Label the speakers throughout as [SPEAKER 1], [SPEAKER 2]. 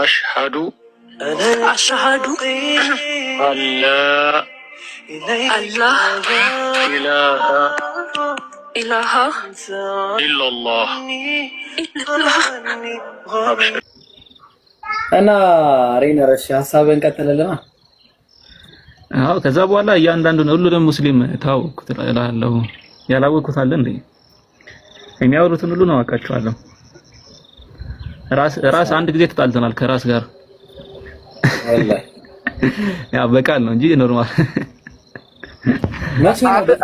[SPEAKER 1] አሽሃዱ
[SPEAKER 2] አሽሃዱ አላ አላህ ኢላሃ ኢላሃ ኢላላህ
[SPEAKER 3] እና ሬነር እሺ፣ ሀሳብህን
[SPEAKER 4] አዎ፣ ከዛ በኋላ እያንዳንዱን ሁሉንም ሙስሊም ታወኩት እላለሁ። ያላወኩት አለ እንዴ? የሚያወሩትን ሁሉ ነው አውቃቸዋለሁ። ራስ ራስ አንድ ጊዜ ተጣልተናል ከራስ ጋር ያ በቃል ነው እንጂ ኖርማል።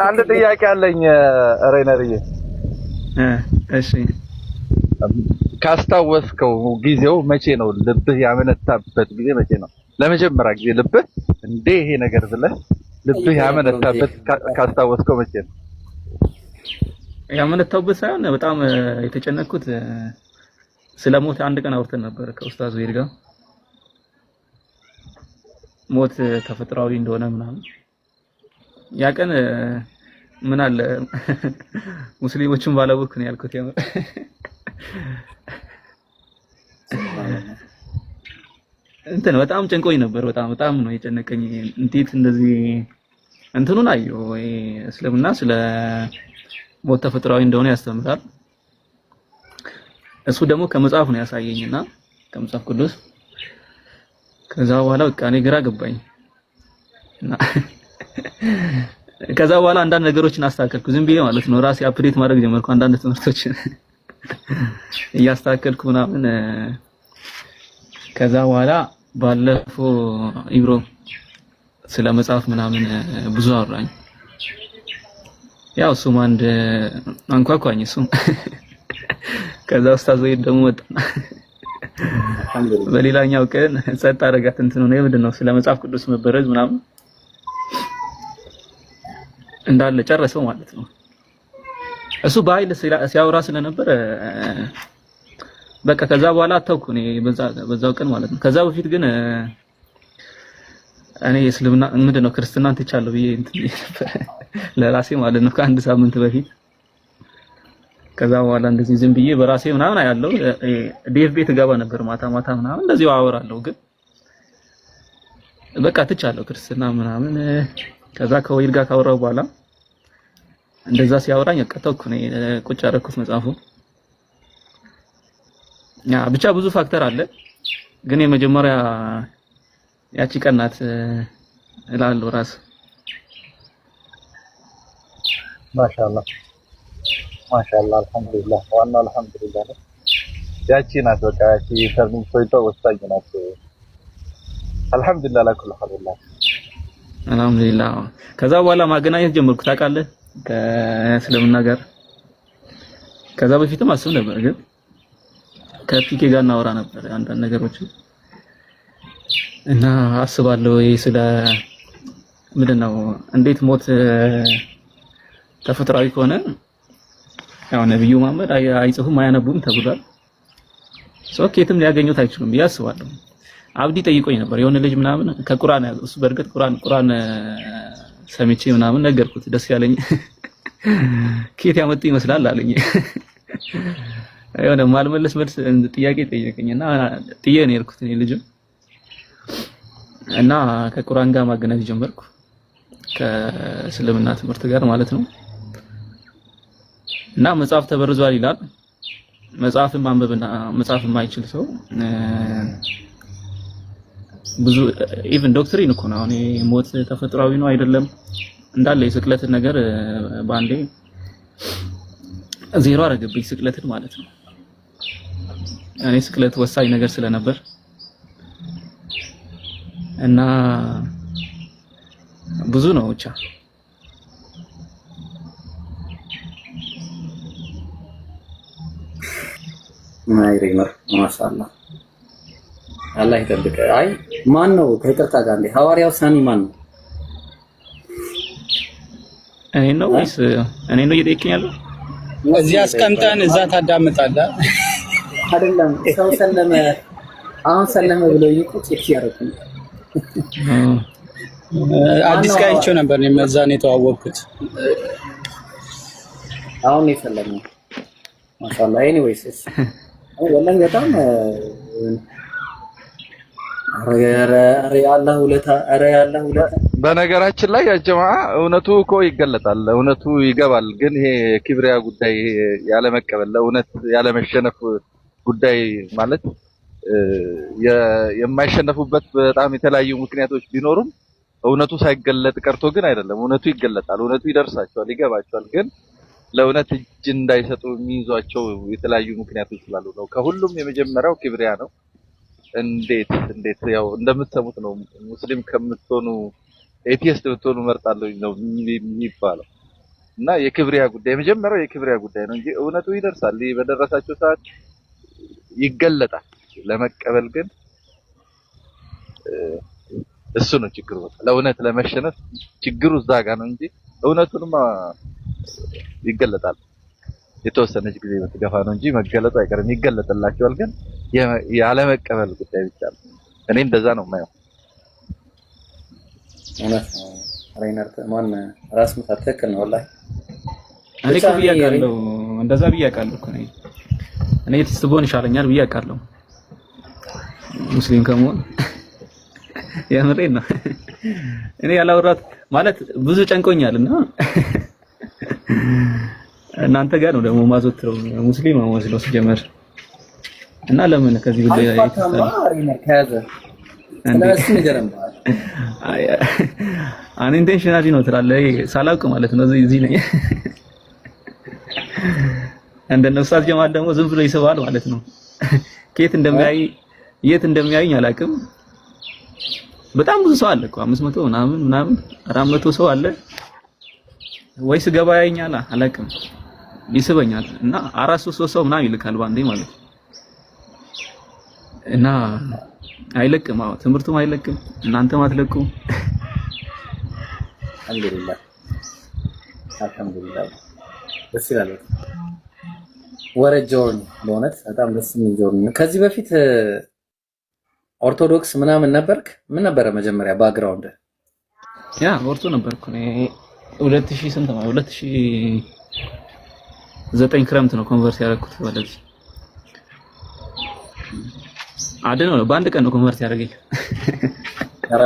[SPEAKER 3] አንድ ጥያቄ አለኝ
[SPEAKER 4] ሬነርዬ። እሺ
[SPEAKER 3] ካስታወስከው ጊዜው መቼ ነው? ልብህ ያመነታበት ጊዜ መቼ ነው? ለመጀመሪያ ጊዜ ልብህ እንዴ ይሄ ነገር ብለህ ልብህ ያመነታበት ካስታወስከው
[SPEAKER 4] መቼ ነው? ያመነታውበት ሳይሆን በጣም የተጨነኩት። ስለ ሞት አንድ ቀን አውርተን ነበር ከኡስታዝ ዙሄድ ጋር ሞት ተፈጥሯዊ እንደሆነ ምናምን። ያ ቀን ምን አለ ሙስሊሞችን ባላወቅኩ ነው ያልኩት። የምር እንትን በጣም ጨንቆኝ ነበር። በጣም በጣም ነው የጨነቀኝ። እንዴት እንደዚህ እንትኑን አየሁ። እስልምና ስለ ሞት ተፈጥሯዊ እንደሆነ ያስተምራል። እሱ ደግሞ ከመጽሐፍ ነው ያሳየኝና ከመጽሐፍ ቅዱስ ከዛ በኋላ በቃ እኔ ግራ ገባኝ። ከዛ በኋላ አንዳንድ ነገሮችን አስተካከልኩ፣ ዝም ብዬ ማለት ነው። ራሴ አፕዴት ማድረግ ጀመርኩ። አንዳንድ ትምህርቶችን እያስተካከልኩ ምናምን። ከዛ በኋላ ባለፈው ኢብሮ ስለ መጽሐፍ ምናምን ብዙ አወራኝ። ያው እሱም አንድ አንኳኳኝ እሱም ከዛ ኡስታዝ ወይ ደግሞ ወጣና በሌላኛው ቀን ጸጥ አደረጋት። እንትን ነው ምንድን ነው ስለ መጽሐፍ ቅዱስ መበረዝ ምናምን እንዳለ ጨረሰው ማለት ነው። እሱ በኃይል ሲያወራ ስለነበረ በቃ ከዛ በኋላ አተውኩ እኔ በዛው ቀን ማለት ነው። ከዛ በፊት ግን እኔ እስልምና ምንድን ነው ክርስትናን ትቻለሁ ብዬ ለራሴ ማለት ነው ከአንድ ሳምንት በፊት ከዛ በኋላ እንደዚህ ዝም ብዬ በራሴ ምናምን አያለው። ዴቭ ቤት ገባ ነበር ማታ ማታ ምናምን እንደዚህ አወራለሁ። ግን በቃ ትቻለሁ ክርስትና ምናምን። ከዛ ከወይድ ጋር ካወራው በኋላ እንደዛ ሲያወራኝ አቀተኩ ነው ቁጭ ያደረኩት መጽሐፉ። ያ ብቻ ብዙ ፋክተር አለ። ግን የመጀመሪያ ያቺ ቀን ናት እላለሁ ራስ
[SPEAKER 3] ማሻአላህ ማሻላ አልሐምዱሊላ። ዋና አልሐምዱሊላ ነው። ያቺ ናት በቃ ያቺ ተርሚን ኮይቶ ወሳኝ ናት። አልሐምዱሊላ ላኩል
[SPEAKER 4] ሐልላ አልሐምዱሊላ። ከዛ በኋላ ማገናኘት ጀመርኩ ታውቃለህ፣ ከእስልምና ጋር። ከዛ በፊትም አስብ ነበር ግን ከፒኬ ጋር እናወራ ነበር አንዳንድ ነገሮች እና አስባለሁ ይሄ ስለ ምንድን ነው እንዴት ሞት ተፈጥሯዊ ከሆነ ያው ነብዩ መሐመድ አይጽፉም አያነቡም ተብሏል። ሰው ኬትም ሊያገኙት አይችሉም ብዬ አስባለሁ። አብዲ ጠይቆኝ ነበር የሆነ ልጅ ምናምን ከቁርአን እሱ በእርግጥ ቁርአን ቁርአን ሰምቼ ምናምን ነገርኩት። ደስ ያለኝ ኬት ያመጡ ይመስላል አለኝ። የሆነ ማልመለስ መልስ ጥያቄ ጠየቀኝና ጥዬ ነው የሄድኩት እኔ ልጅ እና ከቁርአን ጋር ማገናኘት ጀመርኩ ከእስልምና ትምህርት ጋር ማለት ነው። እና መጽሐፍ ተበርዟል ይላል። መጽሐፍን ማንበብና መጽሐፍ የማይችል ሰው ብዙ ኢቭን ዶክትሪን እኮ ነው አሁን ሞት ተፈጥሯዊ ነው አይደለም እንዳለ የስቅለትን ነገር በአንዴ ዜሮ አደረገብኝ ስቅለትን ማለት ነው። እኔ ስቅለት ወሳኝ ነገር ስለነበር እና ብዙ ነው ብቻ
[SPEAKER 3] ማይሬመር ማሻአላ አላህ ይጠብቅ። አይ ማን ነው ከይቅርታ ጋር እንደ ሐዋርያው ሳሚ ማን ነው?
[SPEAKER 4] እኔ ነው ወይስ እኔ ነው እየጠየቀኝ ያለው?
[SPEAKER 5] እዚህ አስቀምጠን እዛ ታዳምጣለህ።
[SPEAKER 3] አይደለም ሰው ሰለመ፣ አሁን ሰለመ ብሎ ይቁጭ ይያረኩ።
[SPEAKER 4] አዲስ ጋር አይቼው ነበር ነው መዛኔ ነው የተዋወቅኩት።
[SPEAKER 3] አሁን ይፈለም ማሻአላ። ኤኒዌይስ ወላሂ በጣም
[SPEAKER 5] በነገራችን ላይ ያጀማ እውነቱ እኮ ይገለጣል፣ እውነቱ ይገባል። ግን ይሄ የኪብሪያ ጉዳይ ያለመቀበል፣ እውነት ያለመሸነፍ ጉዳይ ማለት የማይሸነፉበት በጣም የተለያዩ ምክንያቶች ቢኖሩም እውነቱ ሳይገለጥ ቀርቶ ግን አይደለም። እውነቱ ይገለጣል፣ እውነቱ ይደርሳቸዋል፣ ይገባቸዋል ግን ለእውነት እጅ እንዳይሰጡ የሚይዟቸው የተለያዩ ምክንያቶች ስላሉ ነው። ከሁሉም የመጀመሪያው ክብሪያ ነው። እንዴት እንዴት ያው እንደምትሰሙት ነው። ሙስሊም ከምትሆኑ ኤቲስት ብትሆኑ መርጣለሁ ነው የሚባለው እና የክብሪያ ጉዳይ የመጀመሪያው የክብሪያ ጉዳይ ነው እንጂ እውነቱ ይደርሳል። በደረሳቸው ሰዓት ይገለጣል። ለመቀበል ግን እሱ ነው ችግሩ። ለእውነት ለመሸነፍ ችግሩ እዛ ጋ ነው እንጂ እውነቱንማ ይገለጣል። የተወሰነች ጊዜ የምትገፋ ነው እንጂ መገለጡ አይቀርም። ይገለጥላቸዋል፣ ግን ያለመቀበል ጉዳይ ብቻ ነው። እኔ እንደዛ ነው የማየው።
[SPEAKER 3] ራስ ምታት ትክክል ነው።
[SPEAKER 4] ወላሂ እኔ እኮ ብዬሽ አውቃለሁ፣ እንደዛ ብዬሽ አውቃለሁ እኮ እኔ የትስት ይሻለኛል ብዬሽ አውቃለሁ። ሙስሊም ከመሆን የምሬን ነው። እኔ ያላወራት ማለት ብዙ ጨንቆኛል እና እናንተ ጋር ነው ደግሞ ማዘወትረው ሙስሊም መስለው ሲጀመር
[SPEAKER 3] እና ለምን ከዚህ ጉዳይ ላይ
[SPEAKER 4] አን ኢንቴንሽናሊ ነው ትላለህ። ሳላውቅ ማለት ነው እዚህ ነኝ። እንደነ ኡስታዝ ጀማል ደግሞ ዝም ብሎ ይስባል ማለት ነው። ከየት እንደሚያይ የት እንደሚያይኝ አላውቅም። በጣም ብዙ ሰው አለ እኮ 500 ምናምን ምናምን 400 ሰው አለ ወይስ ገበያ ያኛል አላውቅም፣ ይስበኛል እና አራት ሶስት ሰው ምናምን ይልካል ባንዴ ማለት እና አይለቅም። አዎ ትምህርቱም አይለቅም፣ እናንተም አትለቁም።
[SPEAKER 3] አልሐምዱሊላህ አልሐምዱሊላህ ደስ ይላል። በእውነት በጣም ደስ የሚል ከዚህ በፊት ኦርቶዶክስ ምናምን ነበርክ? ምን ነበረ መጀመሪያ ባግራውንድ?
[SPEAKER 4] ያ ኦርቶ ነበርኩ እኔ ሁለት ሺህ ስንት ነው? ሁለት ሺህ ዘጠኝ ክረምት ነው ኮንቨርት ያደረኩት ወደዚህ አድነው ነው። በአንድ ቀን ነው ኮንቨርት ያደረገኝ። ኧረ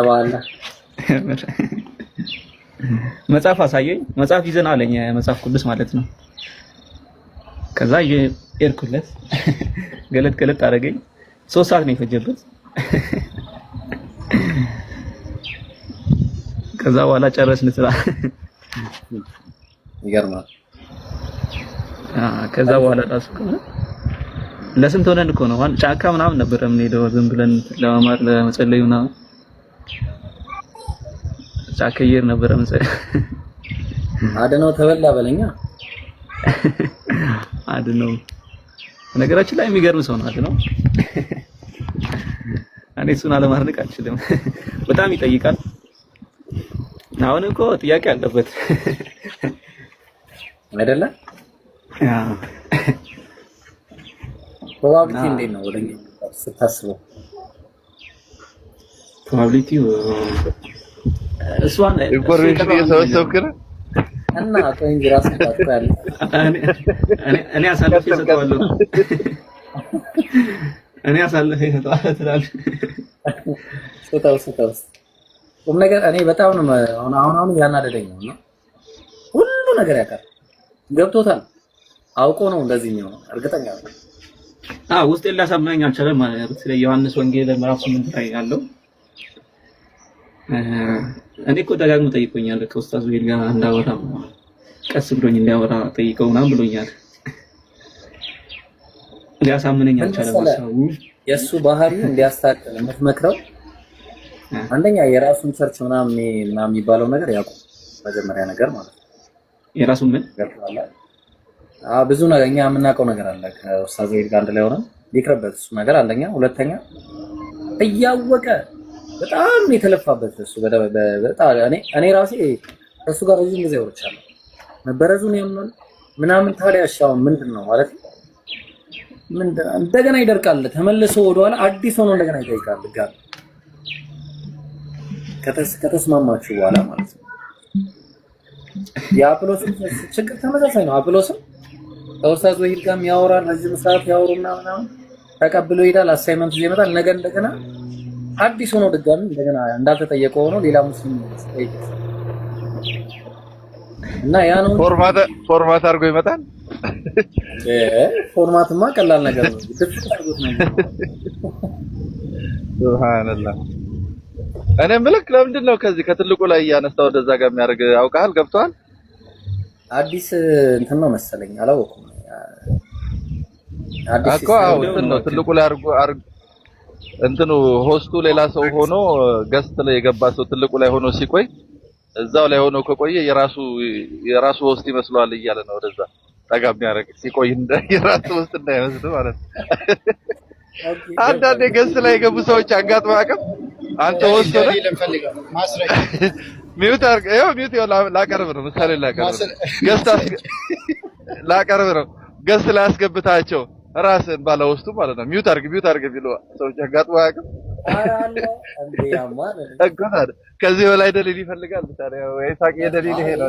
[SPEAKER 4] መጽሐፍ አሳየኝ። መጽሐፍ ይዘን አለኝ መጽሐፍ ቅዱስ ማለት ነው። ከዛ የሄድኩለት ገለጥ ገለጥ አደረገኝ። ሶስት ሰዓት ነው የፈጀበት። ከዛ በኋላ ጨረስን ስራ ይገርማል። ከዛ በኋላ ራሱ ለስንት ሆነን እኮ ነው ጫካ ምናምን ነበረ የምንሄደው ዝም ብለን ለመማር ለመጸለይ ምናምን ጫካ ነበረ
[SPEAKER 3] መጸለይ። አድነው ተበላ በለኛ
[SPEAKER 4] አድነው። ነገራችን ላይ የሚገርም ሰው ነው አድነው። እኔ እሱን አለማድነቅ አልችልም። በጣም ይጠይቃል። አሁን እኮ ጥያቄ አለበት
[SPEAKER 3] አይደለ? ፕሮባቢሊቲ እንዴት ነው ወደ
[SPEAKER 4] ስታስበው? ፕሮባቢሊቲው
[SPEAKER 3] እሷን ኢንፎርሜሽን እየሰበሰብክ ነው እና ከእንጂ ራስ ተጣጣለ
[SPEAKER 4] እኔ አሳልፌ እሰጠዋለሁ እኔ አሳልፌ እሰጠዋለሁ ትላለህ።
[SPEAKER 3] ስታውስ ስጠው ቁም ነገር እኔ በጣም ነው አሁን አሁን ያናደደኝ ነው። ሁሉ ነገር ያውቃል፣ ገብቶታል፣ አውቆ ነው እንደዚህ የሚሆነው እርግጠኛ
[SPEAKER 4] ነው። አዎ ውስጤን ላሳምናኝ አልቻለም ማለት ስለ ዮሐንስ ወንጌል ምዕራፍ 8 ላይ ያለው እኔ እኮ ደጋግሞ ጠይቆኛል። ከኡስታዝ ወይል ጋር እንዳወራ ቀስ ብሎኝ እንዳወራ ጠይቀው ምናምን ብሎኛል። ሊያሳምነኝ አልቻለም። ሀሳቡ
[SPEAKER 3] የእሱ ባህሪ እንዲያስተካክል የምትመክረው አንደኛ የራሱን ቸርች ምናምን ምናምን የሚባለው ነገር ያቁ መጀመሪያ ነገር ማለት ነው። የራሱን ምን ብዙ ነገር እኛ የምናውቀው ነገር አለ። ከኡስታዝ ዘይድ ጋር አንድ ላይ ሆነን ይቅርበት እሱ ነገር አንደኛ። ሁለተኛ እያወቀ በጣም የተለፋበት እሱ እኔ ራሴ እሱ ጋር ብዙ ጊዜ ወርቻለሁ። መበረዙን ያምናል ምናምን። ታዲያ እሺ አሁን ምንድን ነው ማለት እንደገና ይደርቃል። ተመልሶ ወደኋላ አዲስ ሆኖ እንደገና ይጠይቃል ጋር ከተስማማችሁ በኋላ ማለት ነው። የአፕሎስም ችግር ተመሳሳይ ነው። አፕሎስም ከውስታዝ ወሂድ ጋርም ያወራል። በዚህ መስራት ያወሩና ምናምን ተቀብሎ ይሄዳል። አሳይመንት ይመጣል። ነገ እንደገና አዲስ ሆኖ ድጋሚ እንደገና እንዳልተጠየቀ ሆኖ ሌላ ሙስሊም እና ያ ነው ፎርማት ፎርማት አድርጎ ይመጣል። ፎርማትማ ቀላል ነገር ነው። ነው። ሱብሃንአላህ እኔ ምልክ ለምንድን ነው ከዚህ ከትልቁ ላይ እያነሳ ወደዛ ጋር የሚያደርግ አውቃል? ገብቷል። አዲስ እንትን ነው መሰለኝ አላወኩም። አዲስ አው ነው ትልቁ ላይ አርጉ አርጉ እንትኑ ሆስቱ ሌላ ሰው ሆኖ ገስት ላይ የገባ ሰው ትልቁ ላይ ሆኖ ሲቆይ እዛው ላይ ሆኖ ከቆየ የራሱ የራሱ ሆስት ይመስለዋል እያለ ነው ወደዛ ጠጋ የሚያደርግ ሲቆይ እንደ የራሱ ሆስት እንዳይመስል ማለት ነው። አንዳንዴ ገስት ላይ የገቡ ሰዎች አጋጥመው አቅም አንተ ሚውት ሚውት ላቀርብ ነው። ምሳሌ ላቀርብ ነው። ገስት ራስን ባለ ውስጡ ማለት ነው። ሚውት አድርግ ሚውት አድርግ ቢሉ ሰዎች አጋጥሞ አያውቅም። ከዚህ በላይ ደሊል ይፈልጋል። የደሊል ይሄ ነው።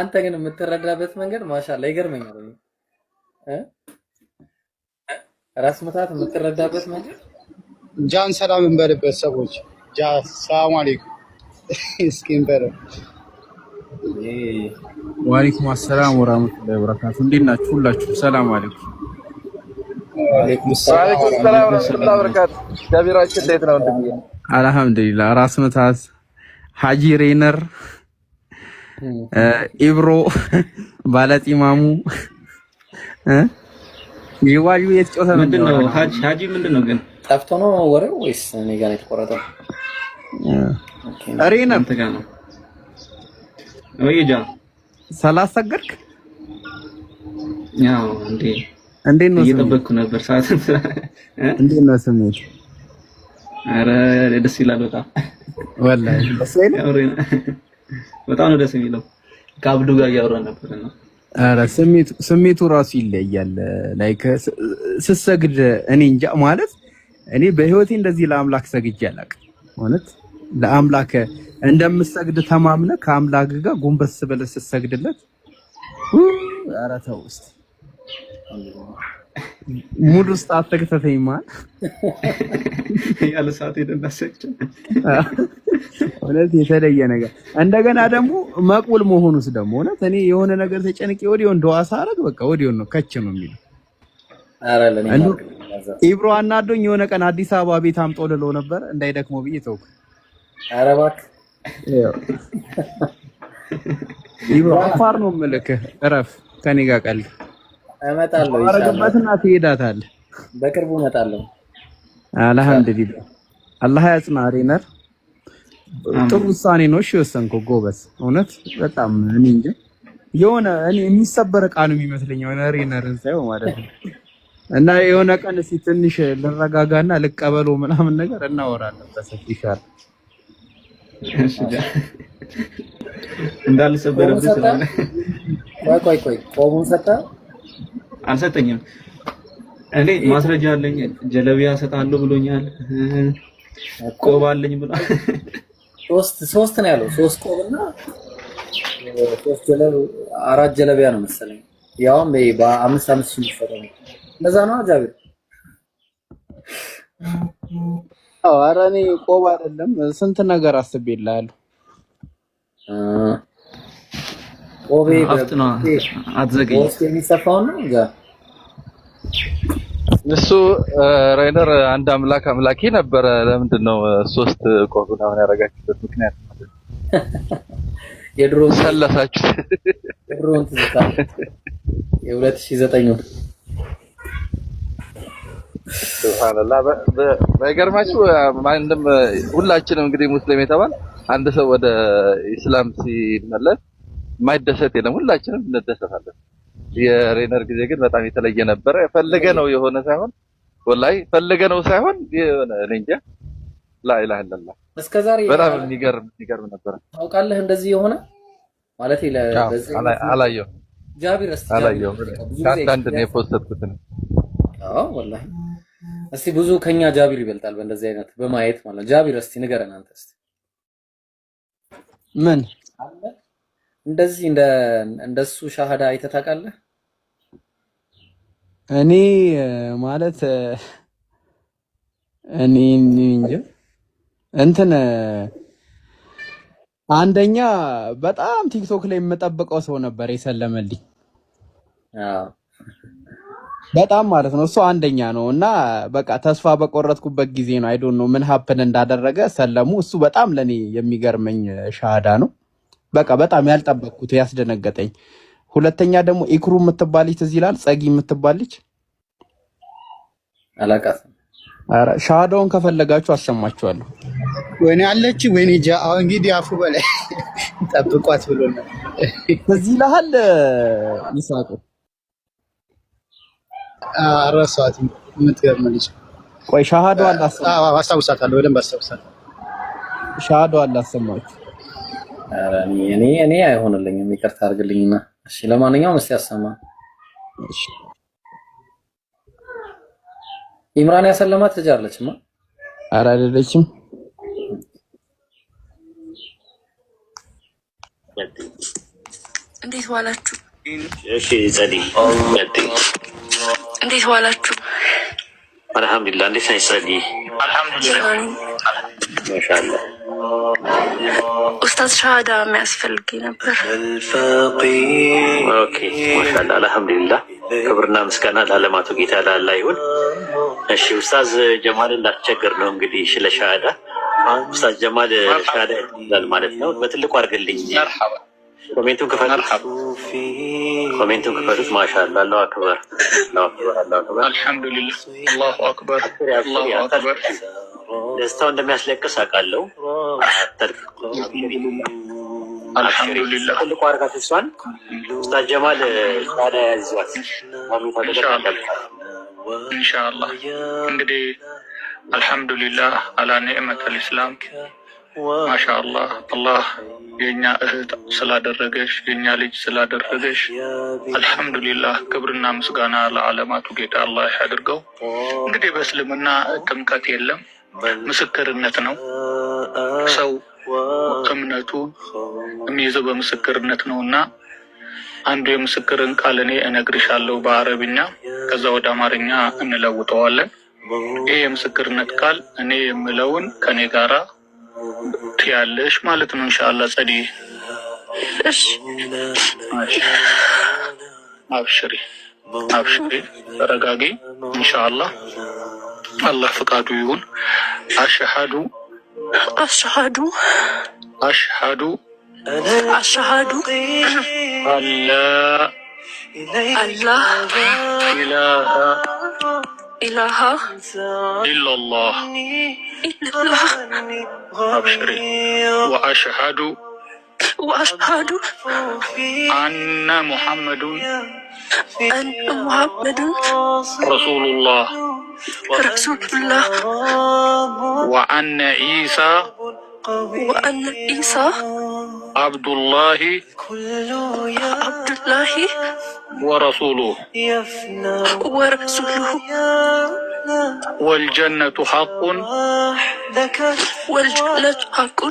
[SPEAKER 3] አንተ ግን የምትረዳበት መንገድ ማሻላ ይገርመኛል። ራስ መታት የምትረዳበት መንገድ ጃን ሰላም እንበልበት። ሰዎች ጃ ሰላም አለይኩም እስኪ እንበል ወአለይኩም አሰላም ወራህመቱላሂ ወበረካቱ። እንዴት ናችሁ ሁላችሁ? ሰላም አለይኩም። ወአለይኩም ሰላም ወራህመቱላሂ አልሐምዱሊላህ። ራስ መታት፣ ሀጂ ሬነር፣ ኢብሮ ባለጢማሙ ይዋዩ የተጫወተ ነው። ምንድን ነው ሀጂ ሀጂ ምንድን ነው ግን ጠፍቶ ነው ወሬው ወይስ እኔ ጋር ነው የተቆረጠው? አሬ ነው ተጋ ነው ወይጃ ሳላሰገድክ ያው እንዴ እንዴ ነው እየጠበቅኩ ነበር ሰዓት እንዴ ነው ስሜት? አረ ደስ ይላል በጣም ወላሂ ደስ ይላል። በጣም ነው ደስ የሚለው ከአብዱ ጋር እያወራን ነበርና ኧረ ስሜቱ ራሱ ይለያል። ላይክ ስሰግድ እኔ እንጃ ማለት እኔ በህይወቴ እንደዚህ ለአምላክ ሰግጄ አላውቅም። ማለት ለአምላክ እንደምሰግድ ተማምነ ከአምላክ ጋር ጎንበስ ብለህ ስትሰግድለት ኧረ ተው እስኪ ሙድ ውስጥ አትከተተኝ ማለት ያለ ሰዓት ሄደን እናሰግድ እውነት የተለየ ነገር እንደገና ደግሞ መቁል መሆኑስ ደግሞ እውነት እኔ የሆነ ነገር ተጨንቄ ወዲያውን ደዋ ሳረግ በቃ ወዲያውን ነው ከች ነው የሚለው። ኢብሮ አናዶኝ የሆነ ቀን አዲስ አበባ ቤት አምጦ ልለው ነበር እንዳይደክሞ ብዬ ተውኩ። ኧረ እባክህ ኢብሮ አፋር ነው የምልክህ፣ እረፍ ከኔ ጋር ቀልድ እመጣለሁ። አረገበትና ትሄዳታለህ። በቅርቡ እመጣለሁ። አልሐምዱሊላህ አላህ ያጽናህ ሬነር ጥሩ ውሳኔ ነው። እሺ የወሰንከው ጎበዝ፣ እውነት በጣም እኔ እንጂ የሆነ እኔ የሚሰበር ዕቃ ነው የሚመስለኝ የሆነ ሬነርን ሳይሆን ማለት ነው። እና የሆነ ቀን እስኪ ትንሽ ልረጋጋና ልቀበሎ ምናምን ነገር እናወራለን በሰፊ ይሻል እንዳልሰበረብህ ስለሆነ ቆይ ቆይ ቆይ ቆሙን ሰጠህ አልሰጠኝም። እኔ ማስረጃ አለኝ። ጀለቢያ ሰጣለሁ ብሎኛል። ቆባለኝ ብሏል። ሶስት ሶስት ነው ያለው። ሶስት ቆብና ሶስት ጀለብ አራት ጀለቢያ ነው መሰለኝ። ያውም በአምስት አምስት ሺህ የሚፈጠ ነው። እንደዛ ነው ጃቢር። አዎ ኧረ እኔ ቆብ አይደለም ስንት ነገር አስቤልሃለሁ። ቆቤ ነው የሚሰፋውና እሱ ራይነር አንድ አምላክ አምላኬ ነበረ። ለምንድን ነው ሶስት ቆብ ምናምን ያደረጋችሁበት ምክንያት? የድሮ ሰለሳችሁ፣ የድሮውን ትዝታ የሁለት ሺህ ዘጠኝ ሱብሃንአላህ። ማንም ሁላችንም እንግዲህ ሙስሊም የተባል አንድ ሰው ወደ ኢስላም ሲመለስ የማይደሰት የለም። ሁላችንም እንደሰታለን። የሬነር ጊዜ ግን በጣም የተለየ ነበረ። ፈልገ ነው የሆነ ሳይሆን ወላይ ፈልገ ነው ሳይሆን የሆነ እኔ እንጃ ላኢላህ ኢላላህ እስከዛሬ በጣም የሚገርም የሚገርም ነበረ። ታውቃለህ እንደዚህ የሆነ ማለት ለዚህ አላየው ጃቢር እስቲ አላየው ካንተ ነው የፖስተትኩት ነው። አዎ ወላሂ እስቲ ብዙ ከኛ ጃቢር ይበልጣል በእንደዚህ አይነት በማየት ማለት ጃቢር እስቲ ንገረን አንተ እስቲ ምን አለ እንደዚህ እንደ እንደሱ ሻሃዳ አይተህ ታውቃለህ? እኔ ማለት እኔ እንጂ እንትን አንደኛ በጣም ቲክቶክ ላይ የምጠብቀው ሰው ነበር የሰለመልኝ። በጣም ማለት ነው እሱ አንደኛ ነው። እና በቃ ተስፋ በቆረጥኩበት ጊዜ ነው። አይ ዶንት ኖ ምን ሀፕን እንዳደረገ ሰለሙ። እሱ በጣም ለኔ የሚገርመኝ ሻሃዳ ነው። በቃ በጣም ያልጠበቅኩት ያስደነገጠኝ። ሁለተኛ ደግሞ ኢክሩ የምትባልች ልጅ ትዝ ይላል። ጸጊ የምትባልች ልጅ አላውቃትም። ከፈለጋችሁ አሰማችኋለሁ። ወይኔ አለች ወይኔ ጃ አሁን እንግዲህ አፉ በላይ ጠብቋት ብሎ ነው። ትዝ ይልሃል ይሳቁ አረሷት የምትገርም ልጅ ቆይ ሻሃዳው አላሰማ አስታውሳታለሁ በደንብ አስታውሳታለሁ። ሻሃዳው አላሰማችሁ እኔ እኔ አይሆንልኝም፣ ይቅርታ አድርግልኝና። እሺ ለማንኛውም እስቲ ያሰማ ኢምራን ያሰለማት ልጅ አለችማ። ኧረ አይደለችም። እንዴት ዋላችሁ? እሺ ጸዲ፣ እንዴት ዋላችሁ? አልሐምዱሊላህ። እንዴት ነሽ ጸዲ? አልሐምዱሊላህ። ማሻአላህ ኡስታዝ ሸሃዳ የሚያስፈልግ ነበር። ኦኬ ማሻላ አልሐምዱሊላ። ክብርና ምስጋና ለአለማቱ ጌታ ላላ ይሁን። እሺ ኡስታዝ ጀማል እንዳትቸግር ነው እንግዲህ ስለ ሸሃዳ ኡስታዝ ጀማል ሸሃዳ ይላል ማለት ነው። በትልቁ አድርግልኝ። ኮሜንቱን ክፈሉት ኮሜንቱን ክፈቱት። ማሻአላ አላሁ አክበር፣ አልሐምዱሊላህ፣ አላሁ አክበር፣ አላሁ አክበር። ደስታው እንደሚያስለቅስ አውቃለሁ። ትልቁ አርጋት እሷን ኡስታዝ ጀማል ሻዳ ያዝዋት ኢንሻአላህ። እንግዲህ አልሐምዱሊላህ አላ ኒዕመት አልኢስላም ማሻአላ አላህ የእኛ እህት ስላደረገሽ የእኛ ልጅ ስላደረገሽ አልሐምዱሊላህ፣ ክብርና ምስጋና ለዓለማቱ ጌታ አላህ አድርገው እንግዲህ በእስልምና ጥምቀት የለም፣ ምስክርነት ነው። ሰው እምነቱ የሚይዘው በምስክርነት ነው እና አንዱ የምስክርን ቃል እኔ እነግርሻለሁ በአረብኛ፣ ከዛ ወደ አማርኛ እንለውጠዋለን። ይህ የምስክርነት ቃል እኔ የምለውን ከእኔ ጋራ ትያለሽ ማለት ነው። እንሻላ ጸዲ እሺ አብሽሪ፣ አብሽሪ፣ ተረጋጊ። እንሻላ አላህ ፈቃዱ ይሁን። አሽሃዱ አሽሃዱ አሽሃዱ አሽሃዱ አላ አላ ኢላሃ إله إلا الله إلا الله أبشري وأشهد وأشهد أن محمد أن محمد رسول الله رسول الله وأن عيسى وأن عيسى عبد الله عبد الله ورسوله ورسوله والجنة حق والجنة حق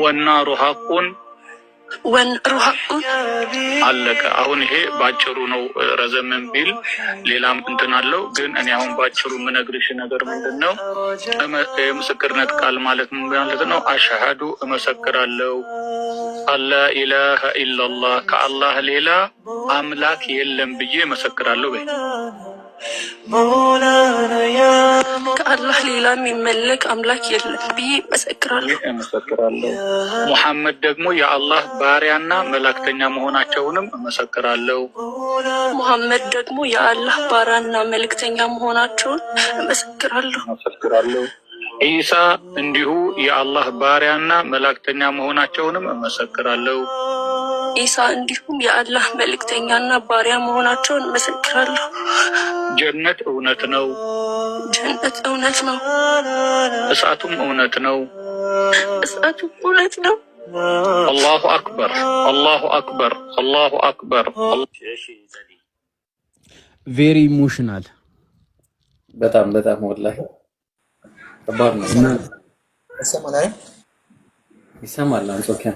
[SPEAKER 3] والنار حق አለቀ። አሁን ይሄ ባጭሩ ነው። ረዘምን ቢል ሌላም እንትን አለው፣ ግን እኔ አሁን ባጭሩ የምነግርሽ ነገር ምንድን ነው? የምስክርነት ቃል ማለት ማለት ነው። አሻሃዱ እመሰክራለው አላ ኢላሃ ኢላላህ ከአላህ ሌላ አምላክ የለም ብዬ እመሰክራለሁ በይ ከአላህ ሌላ የሚመለክ አምላክ የለም ብዬ መሰክራለሁ። ሙሐመድ ደግሞ የአላህ ባሪያና መላእክተኛ መሆናቸውንም እመሰክራለሁ። ሙሐመድ ደግሞ የአላህ ባሪያና መልእክተኛ መሆናቸውን እመሰክራለሁ። ኢሳ እንዲሁ የአላህ ባሪያና መላእክተኛ መሆናቸውንም እመሰክራለሁ። ኢሳ እንዲሁም የአላህ መልእክተኛና ባሪያ መሆናቸውን እመሰክራለሁ። ጀነት እውነት ነው። ያለበት እውነት ነው። እሳቱም እውነት ነው። እሳቱም እውነት ነው። አላሁ አክበር፣ አላሁ አክበር፣ አላሁ አክበር። ቬሪ ኢሞሽናል። በጣም በጣም ወላሂ ከባድ ነው። ይሰማል አንጾኪያ